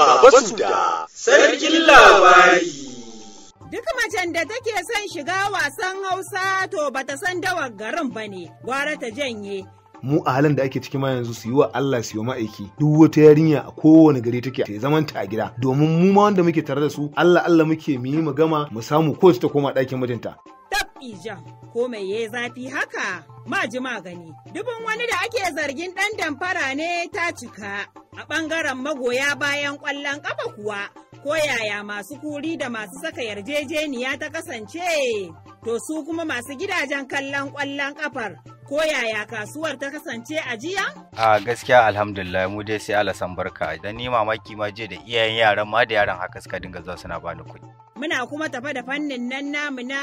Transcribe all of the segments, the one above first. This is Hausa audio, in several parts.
Baba Suda, Sarkin Labari. Duk macen da take son shiga wasan Hausa to bata san dawar garin ba ne, gwara ta janye. Mu a halin da ake ciki ma yanzu su yi wa Allah su yi ma'aiki duk wata yarinya a kowane gari take ta zaman ta a gida domin mu ma wanda muke tare da su Allah Allah muke mu yi mu gama mu samu kowace ta koma ɗakin mijinta. ijan ko mai ya zafi haka ma ji magani dubin wani da ake zargin ɗan damfara ne ta cika a ɓangaren magoya bayan ƙwallon ƙafa kuwa ko yaya masu kuri da masu saka yarjejeniya ta kasance to su kuma masu gidajen kallon ƙwallon ƙafar ko yaya kasuwar ta kasance a jiya? A gaskiya alhamdulillah mu dai sai Allah san barka idan ni mamaki ma je da iyayen yaran ma da yaran haka suka dinga zuwa suna bani kuɗi. Muna kuma tafa da fannin nan namu na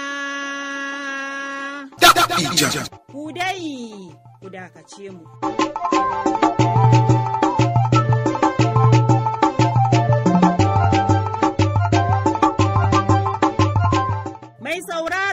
Ku dai ku dakace mu. Mai saura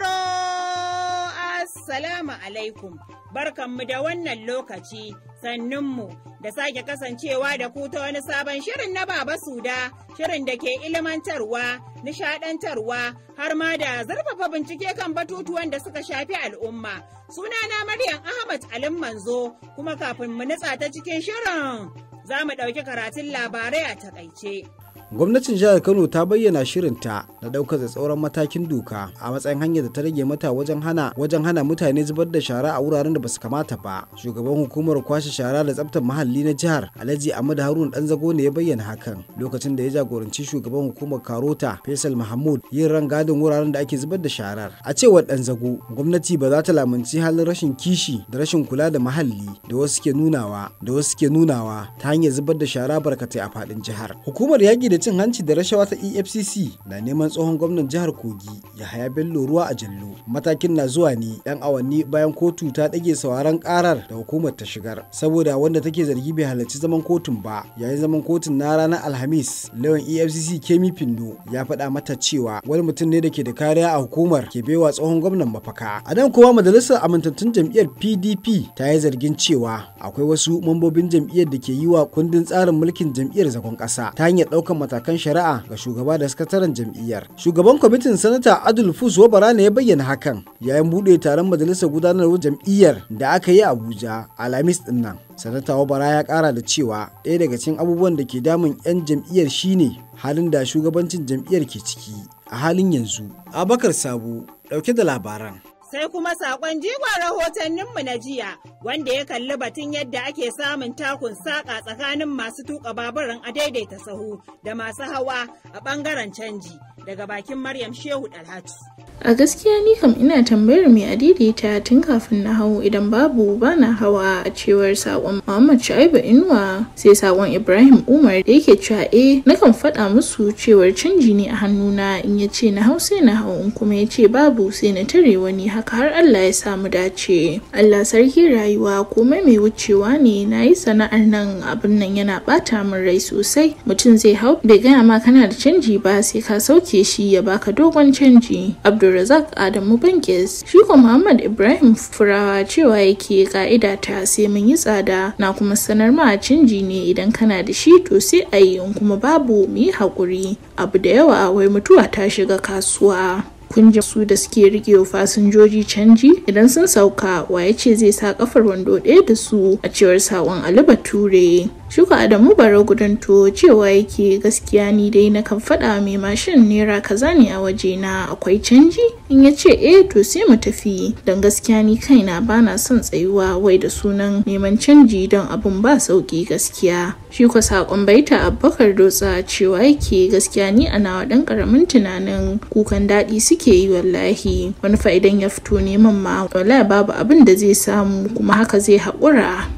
alaikum, barkanmu da wannan lokaci, sannunmu da sake kasancewa da ku ta wani sabon shirin na Baba Suda, shirin da ke ilimantarwa nishadantarwa, har ma da zurfafa bincike kan batutuwan da suka shafi al'umma. Suna na Maryam Ahmad Alim Manzo, kuma kafin mu nutsa ta cikin shirin, za mu ɗauki karatun labarai a takaice. gwamnatin jihar kano ta bayyana shirinta na daukar da tsauran matakin doka a matsayin hanyar da ta rage mata wajen hana wajen hana mutane zubar da shara a wuraren da basu kamata ba shugaban hukumar kwashe shara da tsabtar muhalli na jihar alhaji ahmad harun dan zago ne ya bayyana hakan lokacin da ya jagoranci shugaban hukumar karota faisal mahmud yin rangadin wuraren da ake zubar da sharar a cewar dan zago gwamnati ba za ta lamunci halin rashin kishi da rashin kula da muhalli da wasu ke nunawa da wasu ke nunawa ta hanyar zubar da shara barkatai a fadin jihar hukumar yaki yaƙi da cin hanci da rashawa ta efcc na neman tsohon gwamnan jihar kogi ya haya bello ruwa a jallo matakin na zuwa ne yan awanni bayan kotu ta dage sauraron karar da hukumar ta shigar saboda wanda take zargi bai halarci zaman kotun ba yayin zaman kotun na ranar alhamis lawan efcc kemi pindo ya faɗa mata cewa wani mutum ne da ke da kariya a hukumar ke baiwa tsohon gwamnan mafaka a nan kuma majalisar amintattun jam'iyyar pdp ta yi zargin cewa akwai wasu mambobin jam'iyyar da ke yi wa kundin tsarin mulkin jam'iyyar zagon ƙasa ta hanyar ɗaukar ɗaukan matakan shari'a ga shugaba da sakataren jam'iyyar. Shugaban kwamitin sanata Adul Fus Wabara ne ya bayyana hakan yayin buɗe taron majalisar gudanarwar jam'iyyar da aka yi Abuja Alhamis din nan. Sanata Wabara ya kara da cewa ɗaya daga cikin abubuwan da ke damun 'yan jam'iyyar shine halin da shugabancin jam'iyyar ke ciki a halin yanzu. Abakar Sabo ɗauke da labaran. sai kuma sakon jigon rahotanninmu na jiya wanda ya kalli batun yadda ake samun takun saƙa tsakanin masu tuka baburin a daidaita sahu da masu hawa a ɓangaren canji daga bakin Maryam Shehu Dalhatu. a gaskiya ni kam ina tambayar mai ta tun kafin na hau idan babu bana hawa a cewar saƙon muhammad shaibu inuwa sai saƙon ibrahim umar da yake cewa eh, nakan na faɗa musu cewar canji ne a hannuna in ya ce na hau sai na hau in kuma ya ce babu sai na tare wani haka har allah ya samu dace allah sarki rayuwa komai mai wucewa ne na yi sana'ar nan abin nan yana bata min rai sosai mutum zai hau bai gaya ma kana da canji ba sai ka sauke shi ya baka dogon canji abdu abdulrazak adamu bankes shi ko muhammad ibrahim furawa cewa yake ka'ida ta sai mun yi tsada na kuma sanar ma a canji ne idan kana da shi to sai a yi in kuma babu mu yi haƙuri abu da yawa wai mutuwa ta shiga kasuwa kun ji su da suke rike fasinjoji canji idan sun sauka waye ce zai sa kafar wando ɗaya da su a cewar saƙon ali bature shuka adamu bara gudun tuwo cewa yake gaskiya ni dai na kan faɗa mai mashin naira kaza ne a waje na akwai canji in ya ce eh to sai mu tafi don gaskiya ni kaina bana son tsayuwa wai da sunan neman canji don abun ba sauki gaskiya shi kwa sakon baita abubakar dotsa cewa yake gaskiya ni ana wa dan karamin tunanin kukan daɗi suke yi wallahi wani fa'idan ya fito neman ma wallahi babu abin da zai samu kuma haka zai haƙura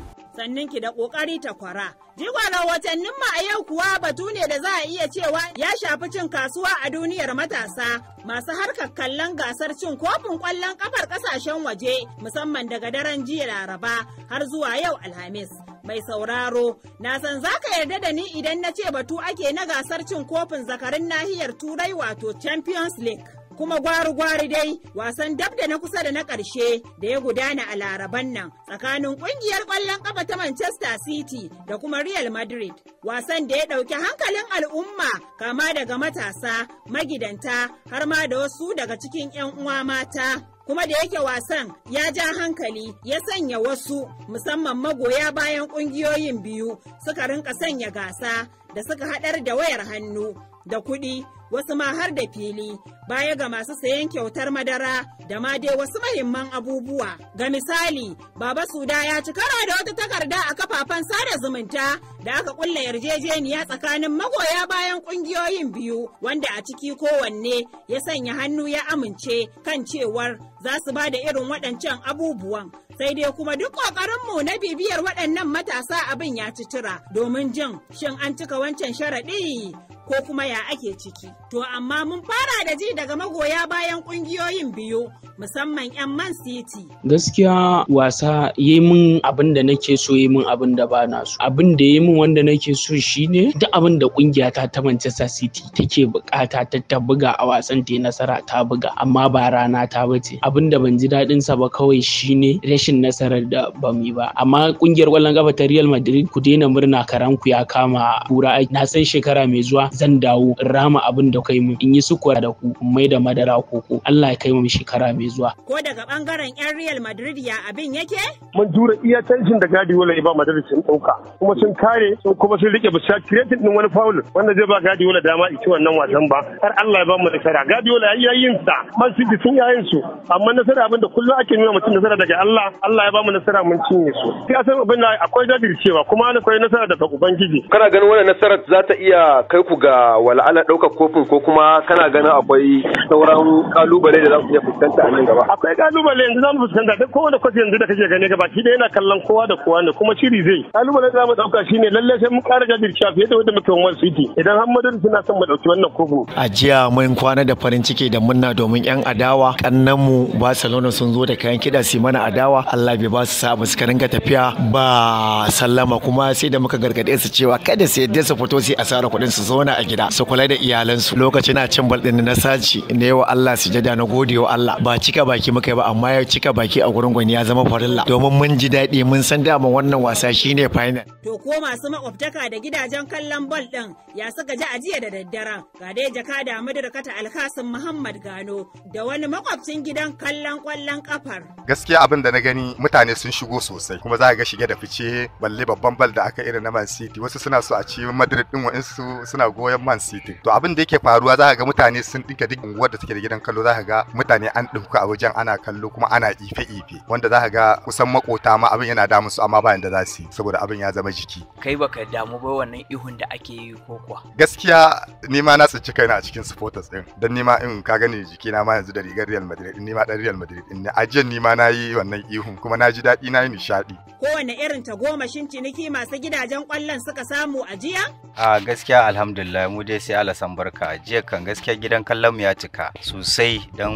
ki da ƙoƙari ta kwara. Jigwalar watannin mu a yau kuwa batu ne da za a iya cewa ya shafi cin kasuwa a duniyar matasa masu harkar kallon gasar cin kofin kwallon ƙafar ƙasashen waje musamman daga daren jiya Laraba har zuwa yau Alhamis. Mai sauraro, na san za ka yarda da ni idan na ce batu ake na gasar cin kofin zakarin nahiyar Turai wato Champions League. kuma gwari-gwari dai wasan dab da na kusa da na ƙarshe da ya gudana a laraban nan tsakanin ƙungiyar ƙwallon ƙafa ta Manchester City da kuma Real Madrid. Wasan da ya ɗauki hankalin al'umma kama daga matasa, magidanta, har ma da wasu daga cikin 'yan uwa mata. kuma da yake wasan ya ja hankali ya sanya wasu musamman magoya bayan ƙungiyoyin biyu suka rinka sanya gasa da suka haɗar da wayar hannu da kuɗi wasu ma har da fili baya ga masu sayan kyautar madara da ma dai wasu mahimman abubuwa ga misali baba suda ya ci kara da wata takarda a kafafen sada zumunta da aka kulla yarjejeniya tsakanin magoya bayan kungiyoyin biyu wanda a ciki kowanne ya sanya hannu ya amince kan cewar za su ba da irin waɗancan abubuwan sai dai kuma duk ƙoƙarinmu na bibiyar waɗannan matasa abin ya ci tura domin jin shin an cika wancan sharaɗi ko kuma ya ake ciki. To amma mun fara da ji daga magoya bayan kungiyoyin biyu musamman 'yan Man City. Gaskiya wasa yi min abin da nake so yi min abin da ba na so. Abin da yi min wanda nake so shine duk abin da ƙungiya ta ta Manchester City take bukata ta ta buga a wasan ta nasara ta buga amma ba rana ta bace. Abin da ban ji daɗin sa ba kawai shine rashin nasarar da ba mu yi ba. Amma ƙungiyar ƙwallon kafa ta Real Madrid ku daina murna karanku ya kama kura na san shekara mai zuwa zan dawo in rama abin da kai mun in yi sukura da ku mai da madara koko Allah ya kai mu shekara mai zuwa ko daga bangaren yan Real Madrid ya abin yake mun jura iya tension da Guardiola ya ba Madrid sun dauka kuma sun kare sun kuma sun rike bisa creating din wani foul wanda zai ba Guardiola dama ici wannan wasan ba har Allah ya ba mu nasara Guardiola ya yin sa Man City sun yayin su amma nasara abin da kullum ake nuna mutum nasara daga Allah Allah ya ba mu nasara mun cinye su sai a san abin akwai jajircewa kuma akwai nasara daga ubangiji kana ganin wannan nasarar za ta iya kai ku ga wala'ala ɗaukar kofin ko kuma kana ganin akwai sauran kalubale da za su iya fuskanta a nan gaba? Akwai kalubale yanzu za mu fuskanta duk kowane yanzu da kake gani gaba shi d'a yana kallon kowa da kowa ne kuma shiri zai. Kalubale za mu ɗauka shi ne lallai sai mun ƙara jajircewa fiye da wanda muke wani City idan har madadin suna son mu ɗauki wannan kofin. A jiya mun kwana da farin ciki da munna domin 'yan adawa kannanmu Barcelona sun zo da kayan kiɗa su mana adawa Allah bai ba su sa su ringa tafiya ba sallama kuma sai da muka gargaɗe su cewa kada su yadda su fito su asara kuɗin su zauna a gida su kula da iyalansu lokacin na cin bal na saci ne wa Allah su jada na gode wa Allah ba cika baki muka ba amma ya cika baki a gurin gwani ya zama farilla domin mun ji daɗi mun san dama wannan wasa shine final to ko masu makwabtaka da gidajen kallon bal din ya suka ji a da daddaren ga dai jaka da madarka alkasin Muhammad Gano da wani makwabcin gidan kallon kwallon kafar gaskiya abin da na gani mutane sun shigo sosai kuma za ga shige da fice balle babban bal da aka irin na Man City wasu suna so a ci Madrid din wa'insu suna go goyon Man City to abin da yake faruwa za ka ga mutane sun dinka duk unguwar da take da gidan kallo za ka ga mutane an dinka a wajen ana kallo kuma ana ife ife wanda za ka ga kusan makota ma abin yana damun su amma ba yanda za su yi saboda abin ya zama jiki kai baka damu ba wannan ihun da ake yi ko kuwa gaskiya ni ma na tsinci kaina a cikin supporters din dan ni ma in ka gani jiki na ma yanzu da rigar Real Madrid ni ma dan Real Madrid in ne ajin ni ma na yi wannan ihun kuma na ji daɗi na yi nishaɗi kowane irin tagomashin ciniki masu gidajen kwallon suka samu a jiya a gaskiya alhamdulillah alhamdulillah mu dai sai Allah san barka jiya kan gaskiya gidan kallon mu ya cika sosai dan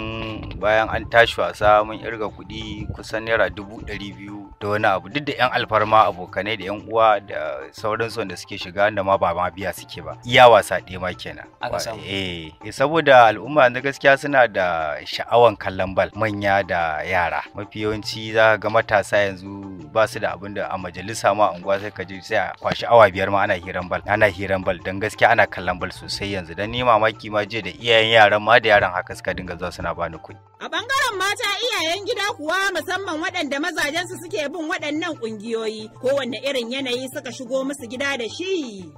bayan an tashi wasa mun irga kuɗi kusan naira dubu ɗari biyu da wani abu duk da yan alfarma abokanai da yan uwa da sauransu da suke shiga da ma ba ma biya suke ba iya wasa ɗaya ma kenan eh, eh saboda al'umma na gaskiya suna da sha'awan kallon bal manya da yara mafi yawanci za ga matasa yanzu ba su da abin da a majalisa ma unguwa sai ka je sai a kwashi awa biyar ma ana hiran bal ana hiran bal dan gaskiya ana ana kallon bal sosai yanzu dan ni mamaki ma je da iyayen yaran ma da yaran haka suka dinga zuwa suna bani kuɗi. A bangaren mata iyayen gida kuwa musamman waɗanda mazajensu suke bin waɗannan ƙungiyoyi kowanne irin yanayi suka shigo musu gida da shi.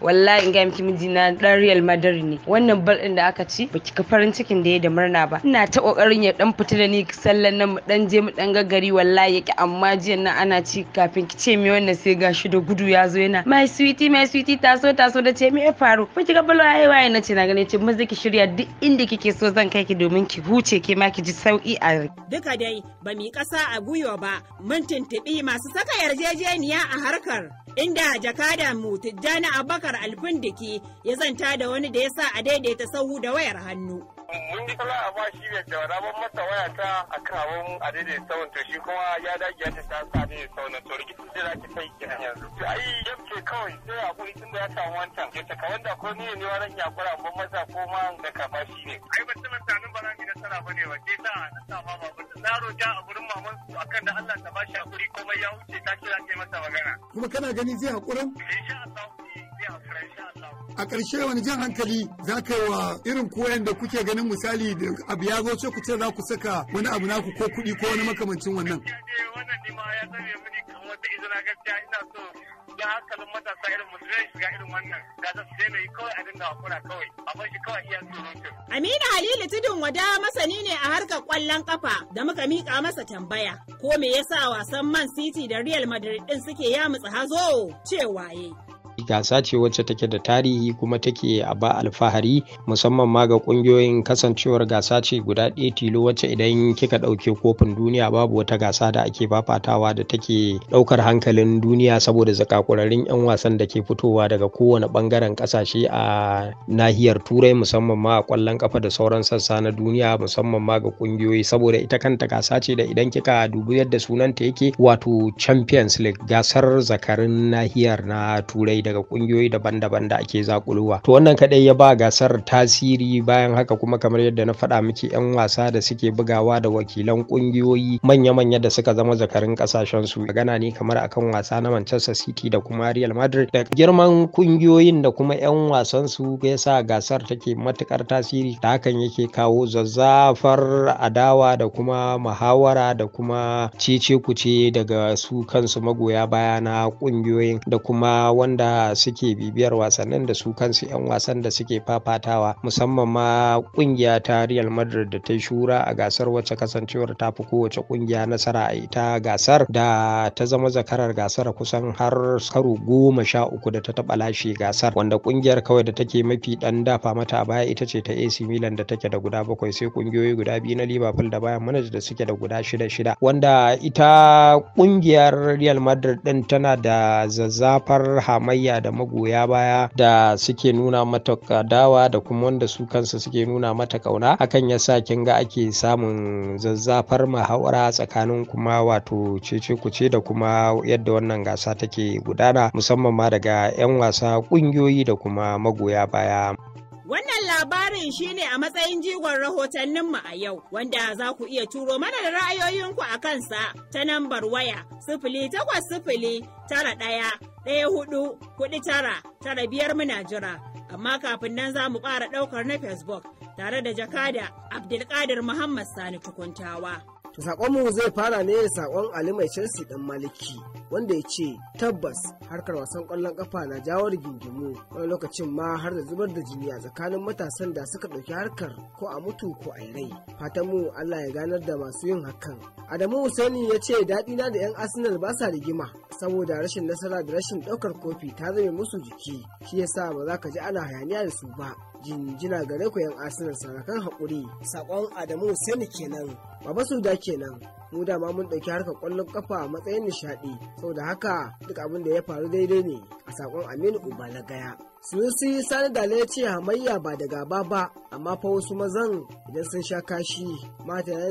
wallahi in ga miki na dan Real Madrid ne wannan bal din da aka ci baki ka farin cikin da ya da murna ba ina ta kokarin ya dan fita da ni sallan nan mu dan je mu dan gaggari wallahi yake amma jiya nan ana ci kafin ki ce me wannan sai gashi da gudu ya zo yana my sweetie my sweetie taso taso da ce me ya faru baki ga balo yayi waye na ce na gane ce mun ki shirya duk inda kike so zan kai ki domin ki huce ke ma ki ji sauki a duka dai ba mu kasa a guyo ba mun tuntubi masu saka yarjejeniya a harkar inda jakadan mu Tijjani abaka alfin alfindiki ya zanta da wani da ya sa a daidaita sahu da wayar hannu mun yi kala a bashi da kyau ban masa waya ta a kawon a daidai sauran to shi kuma ya dage yadda ta sa daidai sauran to rikici za ki kai ki yanzu to ai yamce kawai sai a kuri tun da ya samu wancan ya taka wanda ko ni ne wani ya kura ban masa ko ma da ka shi ne ai ba sanin nan ba ni nasara ne ba ke sa na sa ma ba na roja a gurin maman su akan da Allah ta bashi hakuri komai ya wuce ta kira kai masa magana kuma kana gani zai hakurin insha Allah a ƙarshe wani jan hankali za ka yi wa irin koyan da kuke ganin misali da abu ya zo ce ku za ku saka wani abu naku ko kuɗi ko wani makamancin wannan. Eh, wannan ma ya a Aminu Halilu Tudun Wada masani ne a harkar ƙwallon kafa da muka miƙa masa tambaya ko me yasa wasan Man City da Real Madrid ɗin suke ya yamutsa hazo cewa waye. gasa ce wacce take da tarihi kuma take a ba alfahari musamman ma ga kungiyoyin kasancewar gasa ce guda ɗaya tilo wacce idan kika ɗauke kofin duniya babu wata gasa da ake fafatawa da take ɗaukar hankalin duniya saboda zakakurarin 'yan wasan da ke fitowa daga kowane ɓangaren ƙasashe a nahiyar turai musamman ma a ƙwallon ƙafa da sauran sassa na duniya musamman ma ga kungiyoyi saboda ita kanta gasa ce da idan kika dubi yadda sunanta yake wato champions league gasar zakarin nahiyar na turai daga kungiyoyi daban-daban da ake zakulowa to wannan kadai ya ba gasar tasiri bayan haka kuma kamar yadda na faɗa miki yan wasa da suke bugawa da wakilan kungiyoyi manya-manya da suka zama zakarin kasashen su magana ne kamar akan wasa na Manchester City da kuma Real Madrid da girman kungiyoyin da kuma yan wasan su yasa gasar take matukar tasiri da hakan yake kawo zazzafar adawa da kuma muhawara da kuma cece kuce daga su kansu magoya baya na kungiyoyin da kuma wanda suke bibiyar wasannin da su kansu 'yan wasan da suke fafatawa musamman ma kungiya ta Real Madrid da ta shura a gasar wacce kasancewar ta fi kowace kungiya nasara a ita gasar da ta zama zakarar gasar kusan har karo goma sha uku da ta taba lashe gasar wanda kungiyar kawai da take mafi dan dafa mata a baya ita ce ta AC Milan da take da guda bakwai sai kungiyoyi guda biyu na Liverpool da bayan manaj da suke da guda shida shida wanda ita kungiyar Real Madrid din tana da zazzafar hamayya tarayya da magoya baya da suke nuna mata dawa da kuma wanda su kansa suke nuna mata kauna hakan ya sa kin ga ake samun zazzafar muhawara tsakanin kuma wato cece kuce da kuma yadda wannan gasa take gudana musamman ma daga 'yan wasa kungiyoyi da kuma magoya baya Wannan labarin shine a matsayin jigon rahotanninmu a yau, wanda za ku iya turo mana da ra'ayoyinku a kansa ta nambar waya sifili takwas sifili tara ɗaya ɗaya hudu kuɗi tara tara biyar muna jira amma kafin nan za mu ƙara ɗaukar na facebook tare da jakada abdulkadir muhammad sani tukuntawa. mu zai fara ne saƙon ali mai chelsea ɗan maliki wanda ya ce tabbas harkar wasan kwallon kafa na jawo rigingimu wani lokacin ma har da zubar da jini a tsakanin matasan da suka ɗauki harkar ko a mutu ko a rai fatan mu Allah ya ganar da masu yin hakan Adamu Husaini ya ce daɗi na da 'yan Arsenal ba sa rigima saboda rashin nasara da rashin ɗaukar kofi ta zame musu jiki shi yasa ba za ka ji ana hayaniya da su ba jinjina gare ku yan arsenal sarakan haƙuri sakon adamu sani kenan baba suda kenan mu dama mun ɗauki harkar ƙwallon kafa a matsayin nishaɗi saboda haka duk abin da ya faru daidai ne a sakon aminu uba na gaya sunusi sani da ya ce hamayya ba da gaba ba amma fa wasu mazan idan sun sha kashi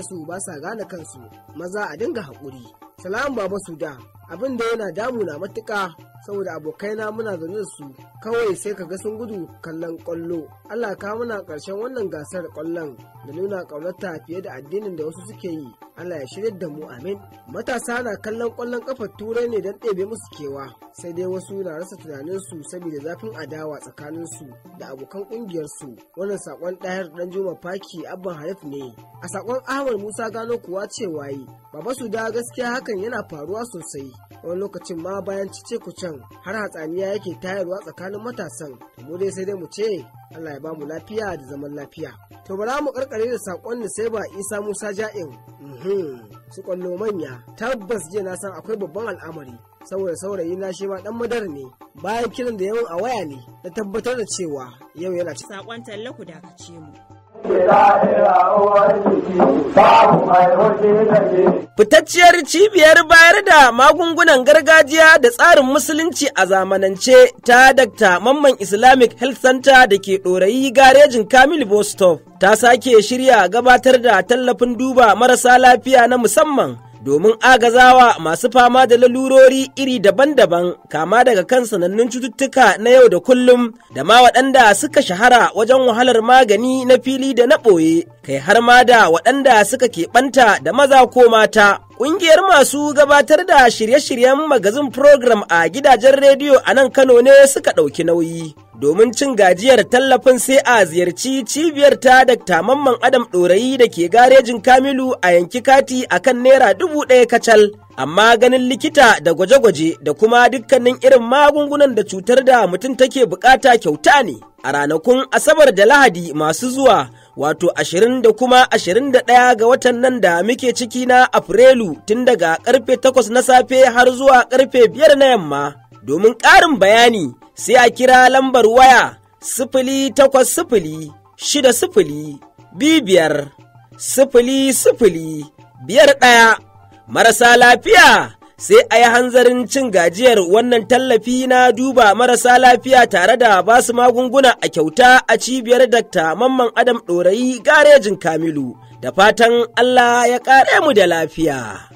su ba sa gane kansu maza a dinga haƙuri Salam Baba Suda, abin da yana damuna matuka, saboda abokaina muna zaune su kawai sai ka ga sun gudu kallon ƙwallo. Allah ka muna ƙarshen wannan gasar ƙwallon da nuna ƙaunarta fiye da addinin da wasu suke yi. Allah ya shirya da mu amin matasa na kallon kwallon kafar turai ne don ɗebe musu kewa sai dai wasu na rasa tunanin su saboda zafin adawa tsakanin su da abokan kungiyar su wannan sakon ɗayar dan Juma Faki Abban Harif ne a sakon Ahmad Musa Gano kuwa cewa yi baba su da gaskiya hakan yana faruwa sosai wani lokacin ma bayan cice kucen har hatsaniya yake tayarwa tsakanin matasan mu dai sai dai mu ce Allah ya bamu lafiya da zaman lafiya. To bara mu karkare da sakon ba Isa Musa Ja'in. Mhm, su kwallo manya tabbas je na san akwai babban al'amari saboda saurayi na shi ma dan madar ne bayan kiran da yawan a waya ne na tabbatar da cewa yau yana ci. Saƙon talla ku dakace mu. Fitacciyar cibiyar bayar da magungunan gargajiya da tsarin musulunci a zamanance ta Dr. Mamman Islamic Health Center da ke ɗorayi garejin Kamil Bostov ta sake shirya gabatar da tallafin duba marasa lafiya na musamman domin agazawa masu fama da lalurori iri daban-daban kama daga kan sanannun cututtuka na yau da kullum da ma waɗanda suka shahara wajen wahalar magani na fili da na ɓoye kai har ma da waɗanda suka keɓanta da maza ko mata. Ƙungiyar masu gabatar da shirye-shiryen magazin program a gidajen rediyo a nan Kano ne suka ɗauki nauyi. domin cin gajiyar tallafin sai a ziyarci cibiyar ta da tamamman adam ɗorayi da ke garejin kamilu a yanki kati a kan naira dubu ɗaya kacal amma ganin likita da gwaje-gwaje da kuma dukkanin irin magungunan da cutar da mutum take bukata kyauta ne a ranakun asabar da lahadi masu zuwa wato ashirin da kuma ashirin da ɗaya ga watan nan da muke ciki na afrilu tun daga karfe takwas na safe har zuwa karfe biyar na yamma Domin ƙarin bayani sai a kira lambar waya sifili takwas sifili shida sifili bibiyar sifili sifili biyar ɗaya marasa lafiya sai a yi hanzarin cin gajiyar wannan tallafi na duba marasa lafiya tare da basu magunguna a kyauta a cibiyar dakta mamman adam ɗorayi garejin kamilu da fatan allah ya ƙare mu da lafiya.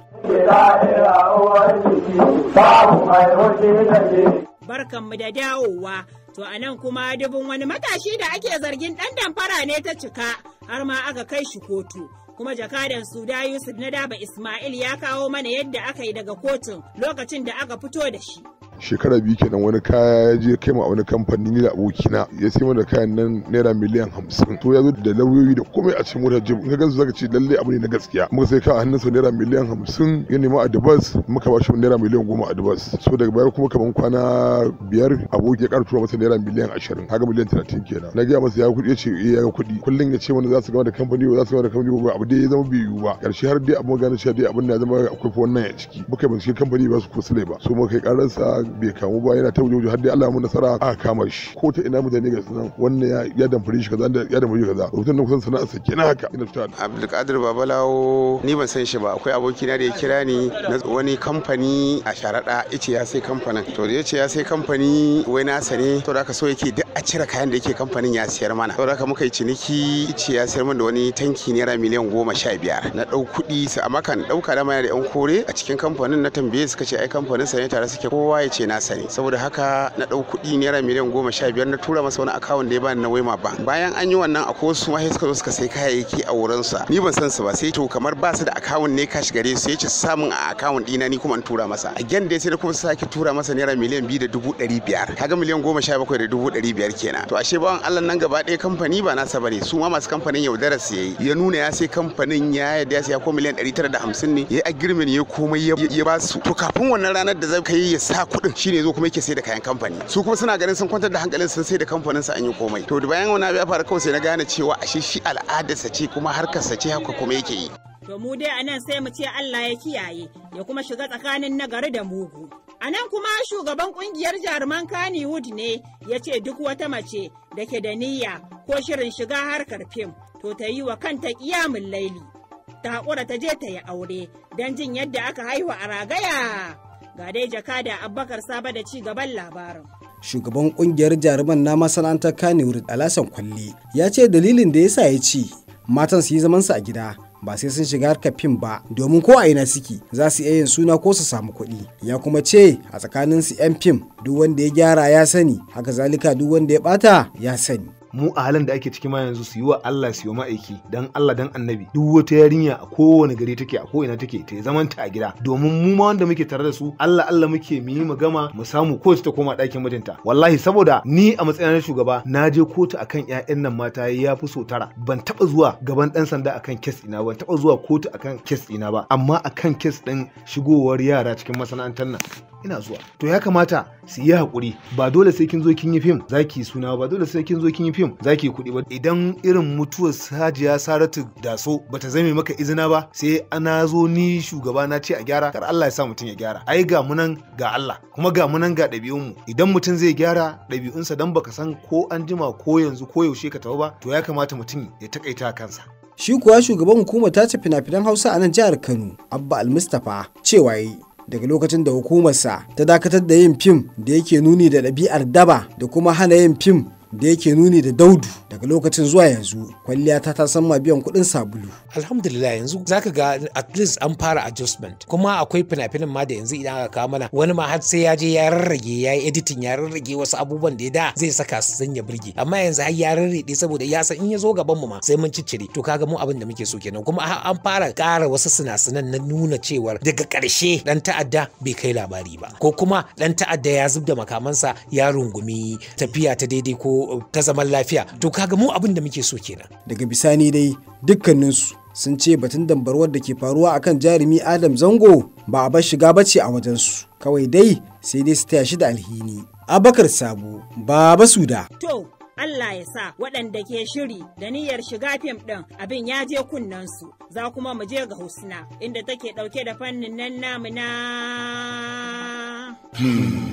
barkan mu da dawowa, to a nan kuma dubin wani matashi da ake zargin ɗan damfara ne ta cika har ma aka kai shi kotu. kuma jakadan suda yusuf na daba ismail ya kawo mana yadda aka yi daga kotun lokacin da aka fito da shi shekara biyu kenan wani kaya ya je kai ma wani kamfani ni da abokina ya sai mana kayan nan naira miliyan hamsin to ya zo da lauyoyi da komai a cikin motar jibu ka gansu zaka ce lallai abu ne na gaskiya muka sai ka a hannunsa naira miliyan hamsin ya nema advance muka ba shi naira miliyan goma advance so daga bayar kuma kaman kwana biyar aboki ya ƙara tura masa naira miliyan ashirin Haga miliyan talatin kenan na gaya masa ya kuɗi ya ce eh, ya kuɗi kullum ya ce mana za su gama da kamfani ba za su gama da kamfani ba abu dai ya zama bai yiwu ba ƙarshe har dai abin gane cewa dai abin da ya zama akwai fa wannan ya ciki muka bincike kamfani ba su ko ba so muka kai ƙararsa bai kamu ba yana ta wuce har dai Allah mu nasara a kama shi ko ta ina mutane ga sunan wannan ya ya damfari shi kaza ya damfari shi kaza rubutun na kusan sana'a sake na haka ina fita Qadir Babalawo ni ban san shi ba akwai aboki na da ya kira ni na wani kamfani a sharada yace ya sai kamfanin to da yace ya sai kamfani wai na sane to da ka so yake duk a cire kayan da yake kamfanin ya sayar mana to da ka muka yi ciniki yace ya sayar mana da wani tanki naira miliyan goma sha biyar na ɗau kuɗi amma kan dauka da mai da yan kore a cikin kamfanin na tambaye su kace ai kamfanin sa ne tare suke kowa ya ce ce na saboda haka na ɗau kuɗi naira miliyan goma sha biyar na tura masa wani akawun da ya bani na waima ba bayan an yi wannan a wasu ma suka zo suka sai kayayyaki a wurinsa ni ban san su ba sai to kamar ba su da akawun ne kashi gare su ya ci samun a akawun ɗina ni kuma an tura masa a gyan dai sai da kuma sake tura masa naira miliyan biyu da dubu ɗari biyar kaga miliyan goma sha bakwai da dubu ɗari biyar kenan to ashe bawan allah nan gaba ɗaya kamfani ba nasa ne su ma masu kamfanin yaudara su yi ya nuna ya sai kamfanin ya yadda ya ya ko miliyan ɗari tara da hamsin ne ya yi agirmin ya komai ya ba su to kafin wannan ranar da zai kai ya sa kuɗin Shi shine zo kuma yake sai da kayan kamfani su kuma suna ganin sun kwantar da hankalin sun sai da kamfanin sa an yi komai to da bayan wani abu ya faru kawai sai na gane cewa ashe shi al'adarsa ce kuma harkarsa ce haka kuma yake yi to mu dai anan sai mu ce Allah ya kiyaye ya kuma shiga tsakanin nagari da mugu Anan kuma shugaban kungiyar jaruman Kannywood ne ya ce duk wata mace da ke da niyya ko shirin shiga harkar fim to ta yi wa kanta kiyamun laili. Ta haƙura ta je ta yi aure don jin yadda aka haihu a ragaya. Ga dai jakada Abubakar Saba da ci gaban labarin. Shugaban kungiyar jaruman na masana'antar Kanewar Alasan Kwalli ya ce dalilin da ya sa ya ci matan su yi zaman su a gida ba sai sun shiga harkar fim ba domin ko a ina suke za su iya yin suna ko su samu kuɗi ya kuma ce a tsakanin su 'yan fim duk wanda ya gyara ya sani haka zalika duk wanda ya bata ya sani mu a halin da ake ciki ma yanzu su yi wa Allah su yi ma'aiki dan Allah dan annabi duk wata yarinya a kowane gari take a ko ina take ta zaman ta a gida domin mu ma wanda muke tare da su Allah Allah muke mu yi magama mu samu ko ta koma ɗakin mijinta wallahi saboda ni a matsayin shugaba na je kotu akan ƴaƴan nan mata ya fi so tara ban taba zuwa gaban ɗan sanda akan kes ina ban taba zuwa kotu akan kes ina ba amma akan kes ɗin shigowar yara cikin masana'antar nan ina zuwa to ya kamata su yi hakuri ba dole sai kin zo kin yi fim zaki suna ba dole sai kin zo kin yi fim zaki kuɗi ba idan irin mutuwar Hajiya Saratu da so bata zame maka izina ba sai ana zo ni shugaba na ce a gyara kar Allah ya sa mutum ya gyara ai ga munan ga Allah kuma ga munan ga dabi'un mu idan mutum zai gyara ɗabi'unsa dan baka san ko an jima ko yanzu ko yaushe ka taɓa ba to ya kamata mutum ya takaita kansa shi kuwa shugaban hukumar tace fina-finan hausa a nan jihar kano abba al almustapha cewa yi daga lokacin da hukumarsa ta dakatar da yin fim da yake nuni da ɗabi'ar daba da kuma hana yin fim da yake nuni da daudu daga lokacin zuwa yanzu kwalliya ta ta ma biyan kuɗin sabulu alhamdulillah yanzu zaka ga at least an fara adjustment kuma akwai fina-finan ma da yanzu idan aka kawo mana wani ma har sai ya je ya rarrage ya yi editing ya rarrage wasu abubuwan da ya da zai saka su ya birge. amma yanzu har ya rarrage saboda ya san in ya zo gaban mu ma sai mun ciccire to kaga mu abin da muke so kenan kuma an fara kara wasu sinasinan na nuna cewar daga karshe. dan ta'adda bai kai labari ba ko kuma dan ta'adda ya zub da makamansa ya rungumi tafiya ta daidai ko ta zaman lafiya to kaga mu abin da muke so kenan daga bisani dai dukkaninsu sun ce batun dambarwar da ke faruwa a kan jarumi adam zango ba a bar shiga bace a wajensu kawai dai sai dai su taya shi da alhini abakar sabo baba suda to Allah ya sa waɗanda ke shiri da niyyar shiga fim ɗin abin ya je kunnensu za kuma mu je ga husna inda take ɗauke da fannin nan namu na hmm.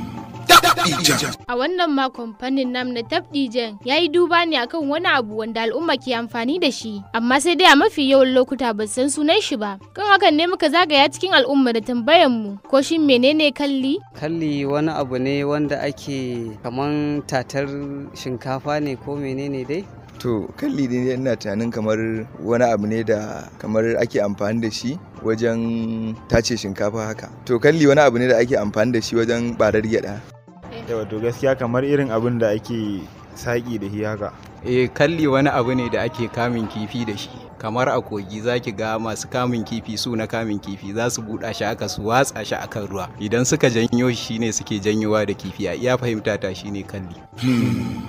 A wannan makon fannin nam na tabdijan ya yi duba ne akan wani abu wanda al'umma ke amfani da shi, amma sai dai a mafi yawan lokuta ba san sunan shi ba. Kan hakan ne muka zagaya cikin al'umma da tambayan mu ko shin menene kalli? Kalli wani abu ne wanda ake kaman tatar shinkafa ne ko menene dai? to kalli ne ina tunanin kamar wani abu ne da kamar ake amfani da shi wajen tace shinkafa haka to kalli wani abu ne da ake amfani da shi wajen barar gyada yawa to gaskiya kamar irin abin da ake saƙi da shi haka eh kalli wani abu ne da ake kamun kifi da shi kamar a kogi za ki ga masu kamun kifi su na kamun kifi za su buɗa shi aka su watsa shi akan ruwa idan suka janyo shi ne suke janyowa da kifi a iya fahimta ta shi ne kalli hmm.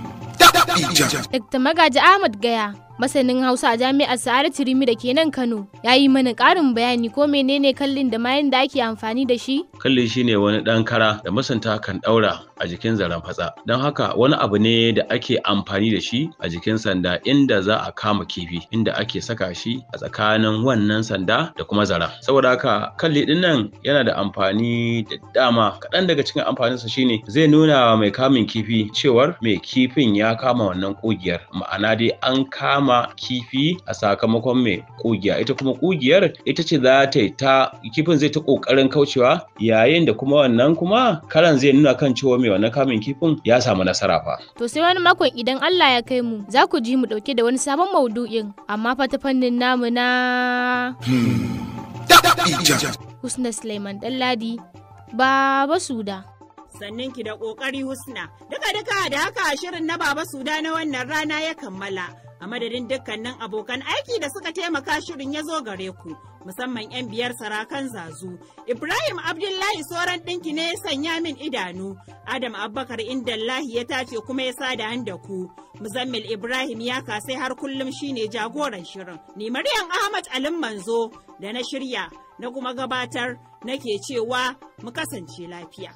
Dr. Magaji Ahmad Gaya masanin Hausa a jami'ar sa'ada tirimi da ke nan Kano ya yi mana ƙarin bayani ko menene kallin da mayan da ake amfani da shi. Kalli shine wani ɗan kara da masanta kan ɗaura a jikin zaren fatsa. Don haka wani abu ne da ake amfani da shi a jikin sanda inda za a kama kifi inda ake saka shi a tsakanin wannan sanda da kuma zara. Saboda haka kalli ɗin nan yana da amfani da dama. Kaɗan daga cikin amfaninsa shine zai nuna mai kamun kifi cewar mai kifin ya kama wannan ƙugiyar ma'ana dai an kama kama kifi a sakamakon mai kugiya ita kuma kugiyar ita ce za ta ta kifin zai ta kokarin kaucewa yayin da kuma wannan kuma karan zai nuna kan cewa mai wannan kamin kifin ya samu nasara fa to sai wani makon idan Allah ya kai mu za ku ji mu dauke da wani sabon maudu'in amma fa ta fannin namu na Husna Suleiman Dalladi Baba Suda sannan ki da kokari Husna duka duka da haka shirin na Baba Suda na wannan rana ya kammala A madadin dukkanin abokan aiki da suka taimaka shirin ya zo gare ku, musamman 'yan biyar sarakan zazu. Ibrahim Abdullahi sauran ɗinki ne ya sanya min idanu, Adam Abubakar Indallahi ya tace kuma ya sada da ku. Muzammil Ibrahim ya kasai har kullum shine jagoran shirin. Ni Maryam Ahmad Alim Manzo da na shirya, na kuma gabatar nake cewa mu kasance lafiya.